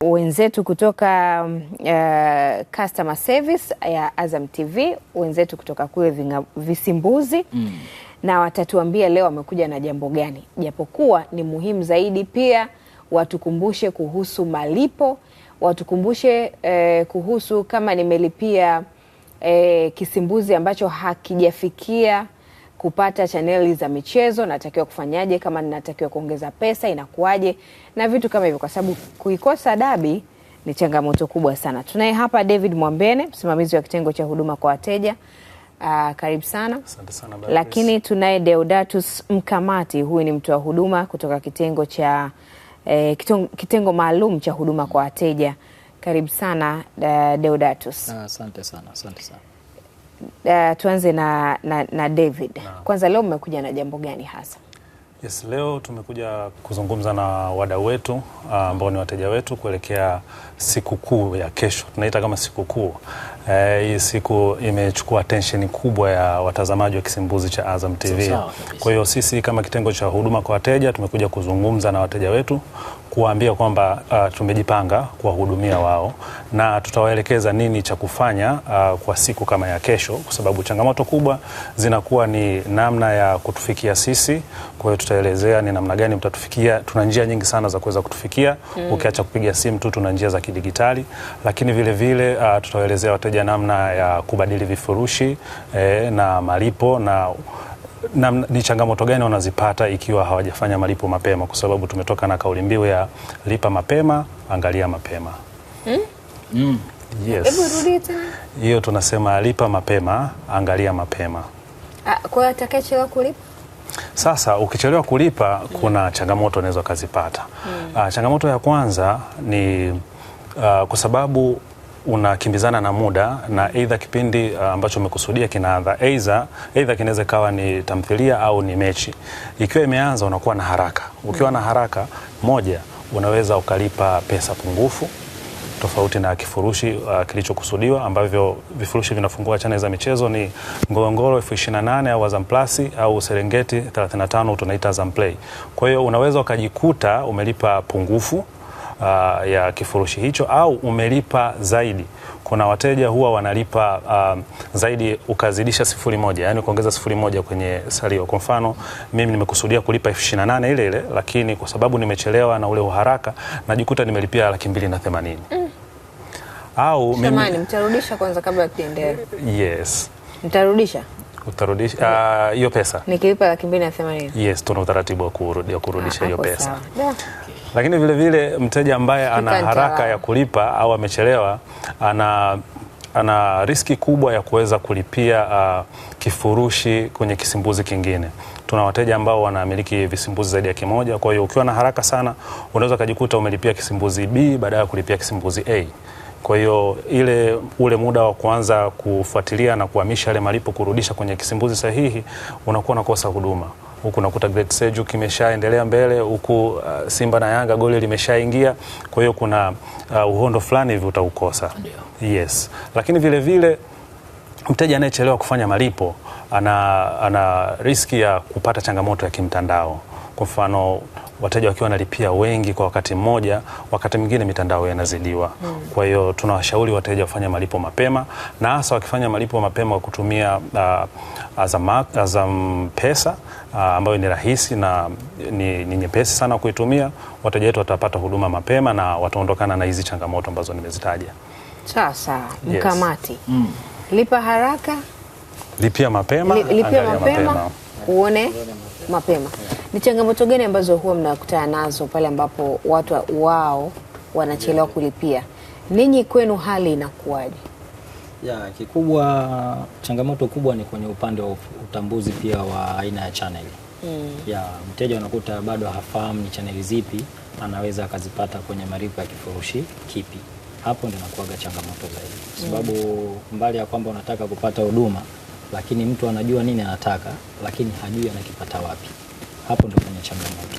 wenzetu kutoka uh, customer service ya Azam TV, wenzetu kutoka kule visimbuzi mm. na watatuambia leo wamekuja na jambo gani, japokuwa ni muhimu zaidi pia watukumbushe kuhusu malipo, watukumbushe eh, kuhusu kama nimelipia eh, kisimbuzi ambacho hakijafikia kupata chaneli za michezo, natakiwa kufanyaje? Kama natakiwa kuongeza pesa inakuwaje? Na vitu kama hivyo, kwa sababu kuikosa dabi ni changamoto kubwa sana. Tunaye hapa David Mwambene, msimamizi wa kitengo cha huduma kwa wateja. Uh, karibu sana, asante sana. Lakini tunaye Deodatus Mkamati, huyu ni mtoa huduma kutoka kitengo cha eh, kitengo, kitengo maalum cha huduma kwa wateja. Karibu sana uh, Deodatus. Ah, asante sana, asante sana uh, tuanze na, na, na David na. Kwanza leo mmekuja na jambo gani hasa? Yes, leo tumekuja kuzungumza na wadau wetu ah, ambao ni wateja wetu kuelekea sikukuu ya kesho, tunaita kama sikukuu eh, hii. siku imechukua attention kubwa ya watazamaji wa kisimbuzi cha Azam TV. Kwa hiyo sisi kama kitengo cha huduma kwa wateja tumekuja kuzungumza na wateja wetu kuwaambia kwamba uh, tumejipanga kuwahudumia wao na tutawaelekeza nini cha kufanya uh, kwa siku kama ya kesho, kwa sababu changamoto kubwa zinakuwa ni namna ya kutufikia sisi. Kwa hiyo tutaelezea ni namna gani mtatufikia. Tuna njia nyingi sana za kuweza kutufikia mm. Ukiacha kupiga simu tu, tuna njia za kidigitali, lakini vile vile uh, tutawaelezea wateja namna ya kubadili vifurushi eh, na malipo na na ni changamoto gani wanazipata ikiwa hawajafanya malipo mapema, kwa sababu tumetoka na kauli mbiu ya lipa mapema, angalia mapema hmm? Mm. tena. Hiyo tunasema lipa mapema, angalia mapema. Ah, atakayechelewa kulipa? Sasa ukichelewa kulipa kuna changamoto unaweza ukazipata. Mm. Ah, changamoto ya kwanza ni uh, kwa sababu unakimbizana na muda na aidha kipindi ambacho umekusudia kinaanza, aidha aidha kinaweza kawa ni tamthilia au ni mechi. Ikiwa imeanza unakuwa na haraka. Ukiwa na haraka, moja, unaweza ukalipa pesa pungufu tofauti na kifurushi uh, kilichokusudiwa ambavyo vifurushi vinafungua chaneli za michezo ni Ngorongoro elfu ishirini na nane au Azam Plus au Serengeti 35 tunaita Azam Play. Kwa hiyo unaweza ukajikuta umelipa pungufu uh, ya kifurushi hicho au umelipa zaidi kuna wateja huwa wanalipa uh, zaidi ukazidisha sifuri moja, yani kuongeza sifuri moja kwenye salio. Kwa mfano mimi nimekusudia kulipa elfu ishirini na nane ile ile, lakini kwa sababu nimechelewa na ule uharaka najikuta nimelipia laki mbili na themanini mm. au mimi... mtarudisha kwanza kabla ya kuendelea. Yes, mtarudisha utarudisha ah, hiyo uh, pesa nikilipa laki mbili na themanini. Yes, tuna utaratibu wa kurudisha ah, hiyo pesa. Yeah. Lakini vile vile mteja ambaye ana haraka ya kulipa au amechelewa ana ana riski kubwa ya kuweza kulipia uh, kifurushi kwenye kisimbuzi kingine. Tuna wateja ambao wanamiliki visimbuzi zaidi ya kimoja. Kwa hiyo ukiwa na haraka sana, unaweza ukajikuta umelipia kisimbuzi B baada ya kulipia kisimbuzi A. Kwa hiyo ile ule muda wa kuanza kufuatilia na kuhamisha yale malipo kurudisha kwenye kisimbuzi sahihi, unakuwa unakosa huduma huku nakuta Great Seju kimeshaendelea mbele huku uh, Simba na Yanga goli limeshaingia, kwa hiyo kuna uh, uhondo fulani hivi utaukosa. Yes, lakini vile vile mteja anayechelewa kufanya malipo ana, ana riski ya kupata changamoto ya kimtandao kwa mfano wateja wakiwa wanalipia wengi kwa wakati mmoja, wakati mwingine mitandao yanazidiwa. Mm. Kwa hiyo tunawashauri wateja wafanye malipo mapema, na hasa wakifanya malipo mapema kwa kutumia uh, Azam, Azam Pesa uh, ambayo ni rahisi na ni, ni nyepesi sana kuitumia, wateja wetu watapata huduma mapema na wataondokana na hizi changamoto ambazo nimezitaja. Sasa mkamati, yes. Mm. Lipa haraka, lipia mapema, lipia mapema, mapema, uone mapema. Ni changamoto gani ambazo huwa mnakutana nazo pale ambapo watu wao wanachelewa kulipia? Ninyi kwenu hali inakuwaje? Ya, kikubwa changamoto kubwa ni kwenye upande wa utambuzi pia wa aina ya channel. Mm. Ya, mteja anakuta bado hafahamu ni chaneli zipi anaweza akazipata kwenye malipo ya kifurushi kipi. Hapo ndio nakuaga changamoto zaidi, kwa sababu mm. mbali ya kwamba unataka kupata huduma, lakini mtu anajua nini anataka, lakini hajui anakipata wapi. Hapo ndo kuna changamoto.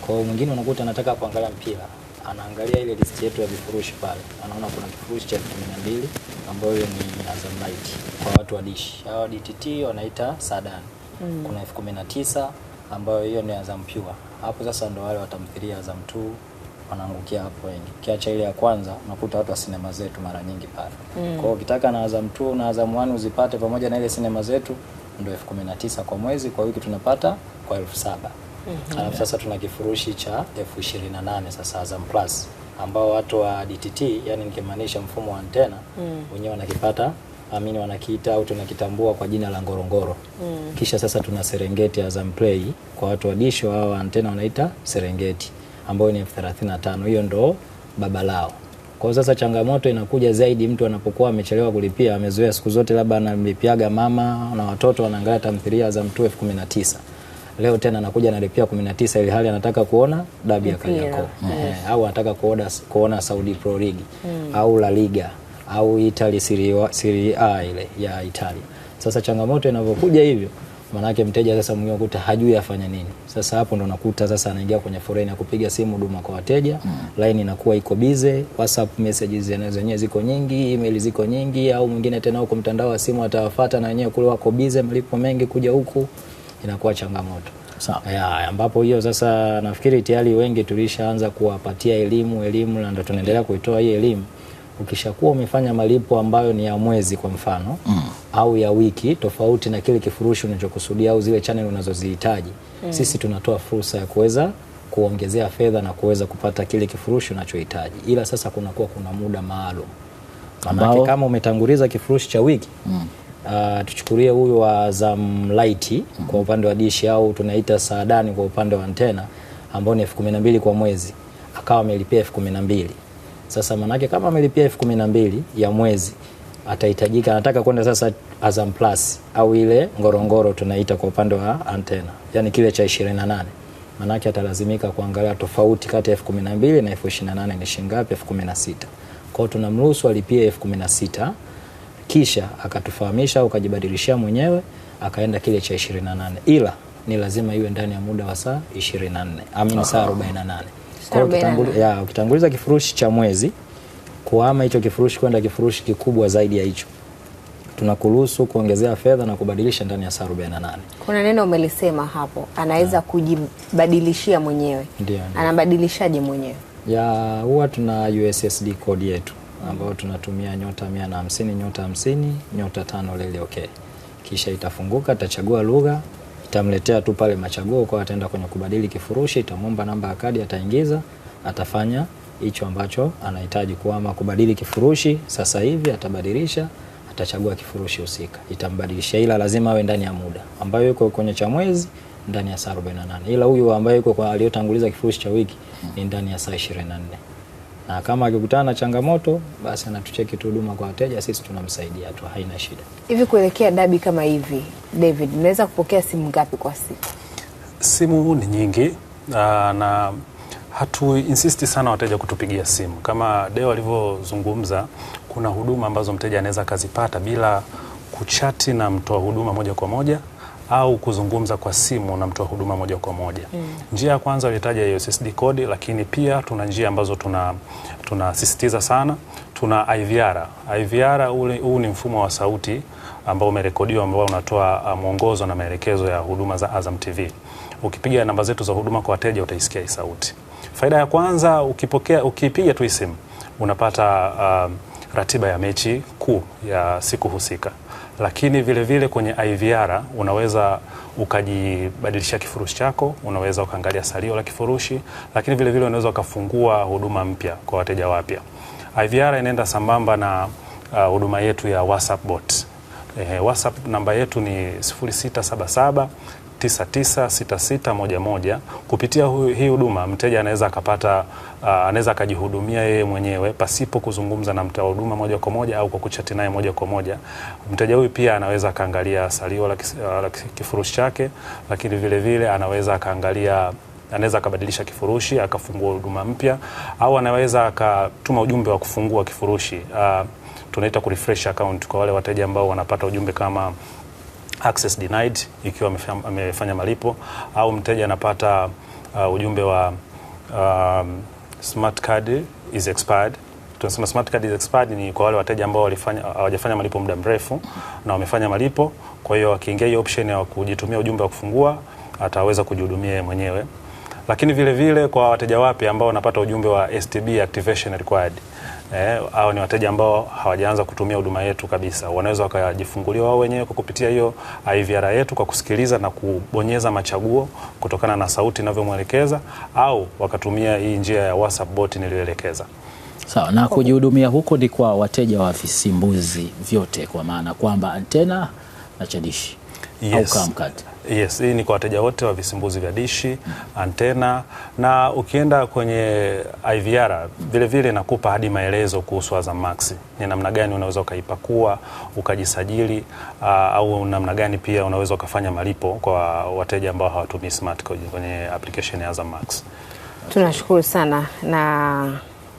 Kwa hiyo mwingine unakuta anataka kuangalia mpira, anaangalia ile list yetu ya vifurushi pale, anaona kuna kifurushi cha kumi na mbili ambayo ni Azam Light kwa watu wa dish hawa DTT wanaita Sadan. Mm. Kuna elfu kumi na tisa ambayo hiyo ni Azam Pure. Hapo sasa ndo wale watamthiria Azam 2 wanaangukia hapo wengi. Kiacha ile ya kwanza unakuta watu wa sinema zetu mara nyingi pale. Mm. Kwa hiyo ukitaka na Azam 2 na Azam 1 uzipate pamoja na ile sinema zetu ndo elfu kumi na tisa kwa mwezi, kwa wiki tunapata kwa elfu saba mm -hmm. Alafu sasa tuna kifurushi cha elfu ishirini na nane sasa Azam Plus ambao watu wa DTT yani nikimaanisha mfumo wa antena mm. wenyewe wanakipata amini wanakiita au tunakitambua kwa jina la Ngorongoro mm. Kisha sasa tuna Serengeti Azam Play kwa watu wa disho, wao antena wanaita Serengeti ambayo ni elfu thelathini na tano hiyo ndo baba lao. Kwa sasa changamoto inakuja zaidi mtu anapokuwa amechelewa kulipia, amezoea siku zote labda anamlipiaga mama na watoto wanaangalia tamthilia za mtu elfu kumi na tisa leo tena anakuja analipia 19 ili hali anataka kuona dabi ya Kariakoo mm. Yes. Eh, au anataka kuona, kuona Saudi Pro League mm. au La Liga au Italy Serie A ile ya Italia. Sasa changamoto inavyokuja hivyo Maanake mteja sasa mwingine unakuta hajui afanya nini. Sasa hapo ndo unakuta sasa anaingia kwenye foreni ya kupiga simu huduma kwa wateja mm. Line inakuwa iko bize, WhatsApp messages zenyewe ziko nyingi, email ziko nyingi, au mwingine tena huko mtandao wa simu atawafata na wenyewe kule wako bize, malipo mengi kuja huku, inakuwa changamoto ya, ambapo hiyo sasa nafikiri tayari wengi tulishaanza kuwapatia elimu elimu, na ndo tunaendelea kuitoa hii elimu ukishakuwa umefanya malipo ambayo ni ya mwezi kwa mfano mm. au ya wiki tofauti na kile kifurushi unachokusudia au zile channel unazozihitaji mm. sisi tunatoa fursa ya kuweza kuongezea fedha na kuweza kupata kile kifurushi unachohitaji, ila sasa kunakuwa kuna muda maalum ambao kama umetanguliza kifurushi cha wiki mm. Uh, tuchukulie huyu wa Light mm. kwa upande wa dishi au tunaita Saadani kwa upande wa antena ambao ni elfu kumi na mbili kwa mwezi, akawa amelipia elfu kumi na mbili sasa manake kama amelipia elfu kumi na mbili ya mwezi atahitajika, anataka kwenda sasa Azam Plus au ile Ngorongoro tunaita kwa upande wa antena, yani kile cha 28 manake atalazimika kuangalia tofauti kati ya elfu kumi na mbili na elfu ishirini na nane ni shilingi ngapi? elfu kumi na sita Kwao tunamruhusu alipie elfu kumi na sita kisha akatufahamisha au akajibadilishia mwenyewe akaenda kile cha 28 ila ni lazima iwe ndani ya muda wa saa 24 amini saa 48. Kwa hiyo ukitanguliza, ya, ukitanguliza kifurushi cha mwezi kuhama hicho kifurushi kwenda kifurushi kikubwa zaidi ya hicho tunakuruhusu kuongezea fedha na kubadilisha ndani ya saa 48. Kuna neno umelisema hapo, anaweza kujibadilishia mwenyewe. Ndiyo, ndiyo. Anabadilishaje mwenyewe? Ya huwa tuna USSD code yetu ambayo tunatumia nyota 150 nyota 50 nyota 5 lele okay, kisha itafunguka, itachagua lugha itamletea tu pale machaguo kwa, ataenda kwenye kubadili kifurushi, itamwomba namba ya kadi, ataingiza, atafanya hicho ambacho anahitaji, kuama kubadili kifurushi. Sasa hivi atabadilisha, atachagua kifurushi husika, itambadilisha, ila lazima awe ndani ya muda ambayo yuko kwenye cha mwezi ndani ya saa 48, ila huyu ambaye yuko kwa aliyotanguliza kifurushi cha wiki ni ndani ya saa 24 na kama akikutana na changamoto basi anatucheki tu huduma kwa wateja, sisi tunamsaidia tu, haina shida. Hivi kuelekea dabi kama hivi, David, mnaweza kupokea simu ngapi kwa siku? Simu ni nyingi na hatu insist sana wateja kutupigia simu. Kama Deo alivyozungumza, kuna huduma ambazo mteja anaweza akazipata bila kuchati na mtoa huduma moja kwa moja au kuzungumza kwa simu na mtoa huduma moja kwa moja. Mm. Njia ya kwanza ulitaja hiyo SSD code, lakini pia tuna njia ambazo tuna tunasisitiza sana. Tuna IVR. IVR huu ni mfumo wa sauti ambao umerekodiwa ambao unatoa uh, mwongozo na maelekezo ya huduma za Azam TV. Ukipiga namba zetu za huduma kwa wateja utaisikia hii sauti. Faida ya kwanza, ukipokea ukipiga tu simu unapata uh, ratiba ya mechi kuu ya siku husika lakini vile vile kwenye IVR unaweza ukajibadilishia kifurushi chako, unaweza ukaangalia salio la kifurushi, lakini vile vile unaweza ukafungua huduma mpya kwa wateja wapya. IVR inaenda sambamba na uh, huduma yetu ya WhatsApp bot. Eh, WhatsApp namba yetu ni 0677 996611 kupitia hu, hii huduma mteja anaweza akapata uh, anaweza akajihudumia yeye mwenyewe pasipo kuzungumza na mtoa huduma moja kwa moja au kwa kuchati naye moja kwa moja. Mteja huyu pia anaweza akaangalia salio la kifurushi chake, lakini vile vile anaweza akaangalia anaweza akabadilisha kifurushi akafungua huduma mpya, au anaweza akatuma ujumbe wa kufungua kifurushi uh, tunaita kurefresh account kwa wale wateja ambao wanapata ujumbe kama access denied ikiwa amefanya malipo au mteja anapata uh, ujumbe wa um, smart card is expired. Tunasema smart card is expired ni kwa wale wateja ambao walifanya hawajafanya malipo muda mrefu na wamefanya malipo. Kwa hiyo akiingia hiyo option ya kujitumia ujumbe wa kufungua ataweza kujihudumia mwenyewe, lakini vile vile kwa wateja wapya ambao wanapata ujumbe wa STB activation required eh, au ni wateja ambao hawajaanza kutumia huduma yetu kabisa, wanaweza wakajifungulia wao wenyewe kwa kupitia hiyo IVR yetu kwa kusikiliza na kubonyeza machaguo kutokana na sauti inavyomwelekeza, au wakatumia hii njia ya WhatsApp bot niliyoelekeza. Sawa, na kujihudumia huko ni kwa wateja wa visimbuzi vyote, kwa maana kwamba antena na chadishi Yes. Au mkate. Yes, hii ni kwa wateja wote wa visimbuzi vya dishi, antena na ukienda kwenye IVR vile vile nakupa hadi maelezo kuhusu Azam Max. Ni namna gani unaweza ukaipakua ukajisajili uh, au namna gani pia unaweza ukafanya malipo kwa wateja ambao hawatumii smart code kwenye application ya Azam Max. Tunashukuru sana na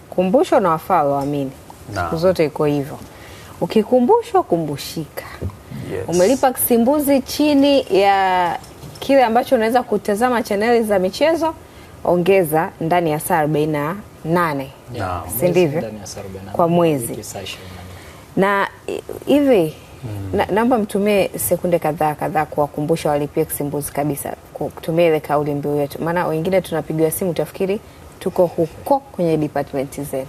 kumbusho na wafaa waamini. Siku zote iko hivyo. Ukikumbushwa kumbushika yes. Umelipa kisimbuzi chini ya kile ambacho unaweza kutazama chaneli za michezo, ongeza ndani ya saa 48 yeah. si ndivyo? Kwa mwezi na hivi mm. naomba mtumie sekunde kadhaa kadhaa kuwakumbusha walipie kisimbuzi kabisa, kutumia ile kauli mbiu yetu, maana wengine tunapigiwa simu tafikiri tuko huko kwenye dpatmenti zenu.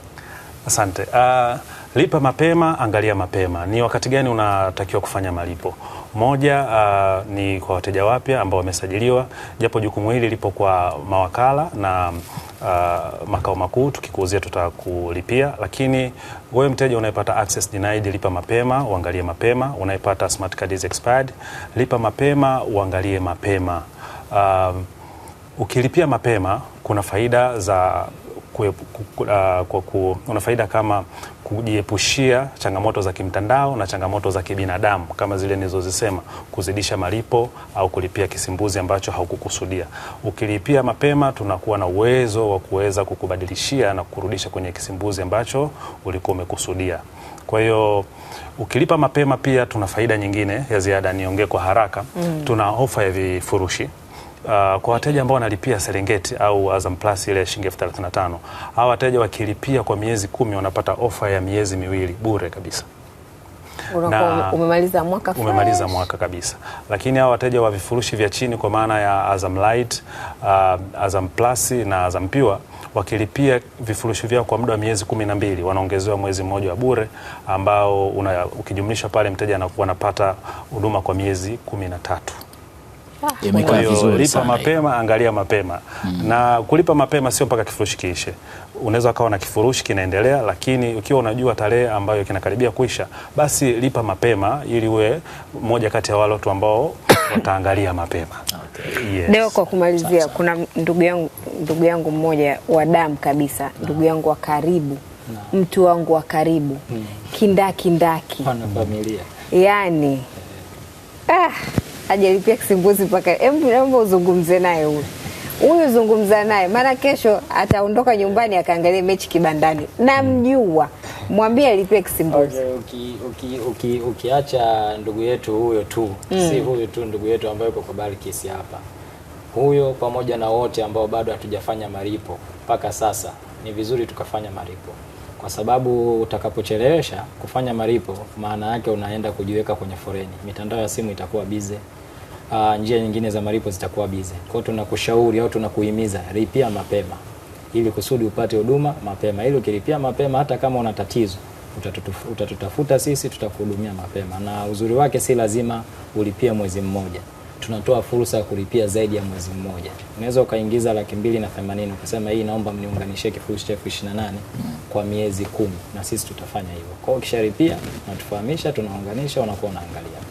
Asante uh... Lipa mapema, angalia mapema. Ni wakati gani unatakiwa kufanya malipo? Moja, uh, ni kwa wateja wapya ambao wamesajiliwa, japo jukumu hili lipo kwa mawakala na uh, makao makuu. Tukikuuzia tutakulipia, lakini wewe mteja unayepata access denied, lipa mapema, uangalie mapema. Unayepata smart card is expired, lipa mapema, uangalie mapema. Uh, ukilipia mapema kuna faida za Ah, una faida kama kujiepushia changamoto za kimtandao na changamoto za kibinadamu kama zile nilizozisema, kuzidisha malipo au kulipia kisimbuzi ambacho haukukusudia. Ukilipia mapema, tunakuwa na uwezo wa kuweza kukubadilishia na kurudisha kwenye kisimbuzi ambacho ulikuwa umekusudia. Kwa hiyo ukilipa mapema, pia tuna faida nyingine ya ziada, niongee kwa haraka mm. tuna ofa ya vifurushi Uh, kwa wateja ambao wanalipia Serengeti au Azam Plus ile shilingi elfu thelathini na tano hawa wateja wakilipia kwa miezi kumi wanapata ofa ya miezi miwili bure kabisa. Na umemaliza mwaka fresh. Umemaliza mwaka kabisa, lakini hawa wateja wa vifurushi vya chini kwa maana ya Azam Light, uh, Azam Plus na Azam Pure wakilipia vifurushi vyao kwa muda wa miezi kumi na mbili wanaongezewa mwezi mmoja wa bure ambao ukijumlisha pale mteja anakuwa anapata huduma kwa miezi kumi na tatu imekaa vizuri. Lipa mapema, angalia mapema mm. na kulipa mapema sio mpaka kifurushi kiishe. Unaweza ukawa na kifurushi kinaendelea, lakini ukiwa unajua tarehe ambayo kinakaribia kuisha, basi lipa mapema ili uwe mmoja kati ya wale watu ambao wataangalia mapema. Yes. Deo, kwa kumalizia Sasa. kuna ndugu yangu, ndugu yangu mmoja wa damu kabisa, ndugu yangu wa karibu na. Mm. mtu wangu wa karibu hmm. kindakindaki, familia yani ah hajalipia kisimbuzi mpaka. Hebu naomba uzungumze naye huyu huyu, zungumza naye, maana kesho ataondoka nyumbani akaangalia mechi kibandani. Namjua, mwambie alipia kisimbuzi. Okay, okay, okay, okay, ukiacha ndugu yetu huyo tu mm. si huyu tu ndugu yetu ambaye yuko kwa Balkis hapa, huyo pamoja na wote ambao bado hatujafanya malipo mpaka sasa, ni vizuri tukafanya malipo kwa sababu utakapochelewesha kufanya malipo, maana yake unaenda kujiweka kwenye foreni, mitandao ya simu itakuwa bize uh, njia nyingine za malipo zitakuwa bize. Kwa hiyo tunakushauri au tunakuhimiza lipia mapema ili kusudi upate huduma mapema, ili ukilipia mapema hata kama una tatizo utatutafuta sisi, tutakuhudumia mapema. Na uzuri wake si lazima ulipie mwezi mmoja, tunatoa fursa ya kulipia zaidi ya mwezi mmoja. Unaweza ukaingiza laki mbili na themanini ukasema hii naomba mniunganishie kifurushi cha elfu ishirini na nane kwa miezi kumi, na sisi tutafanya hivyo. Kwa hiyo ukisharipia, natufahamisha, tunaunganisha, unakuwa unaangalia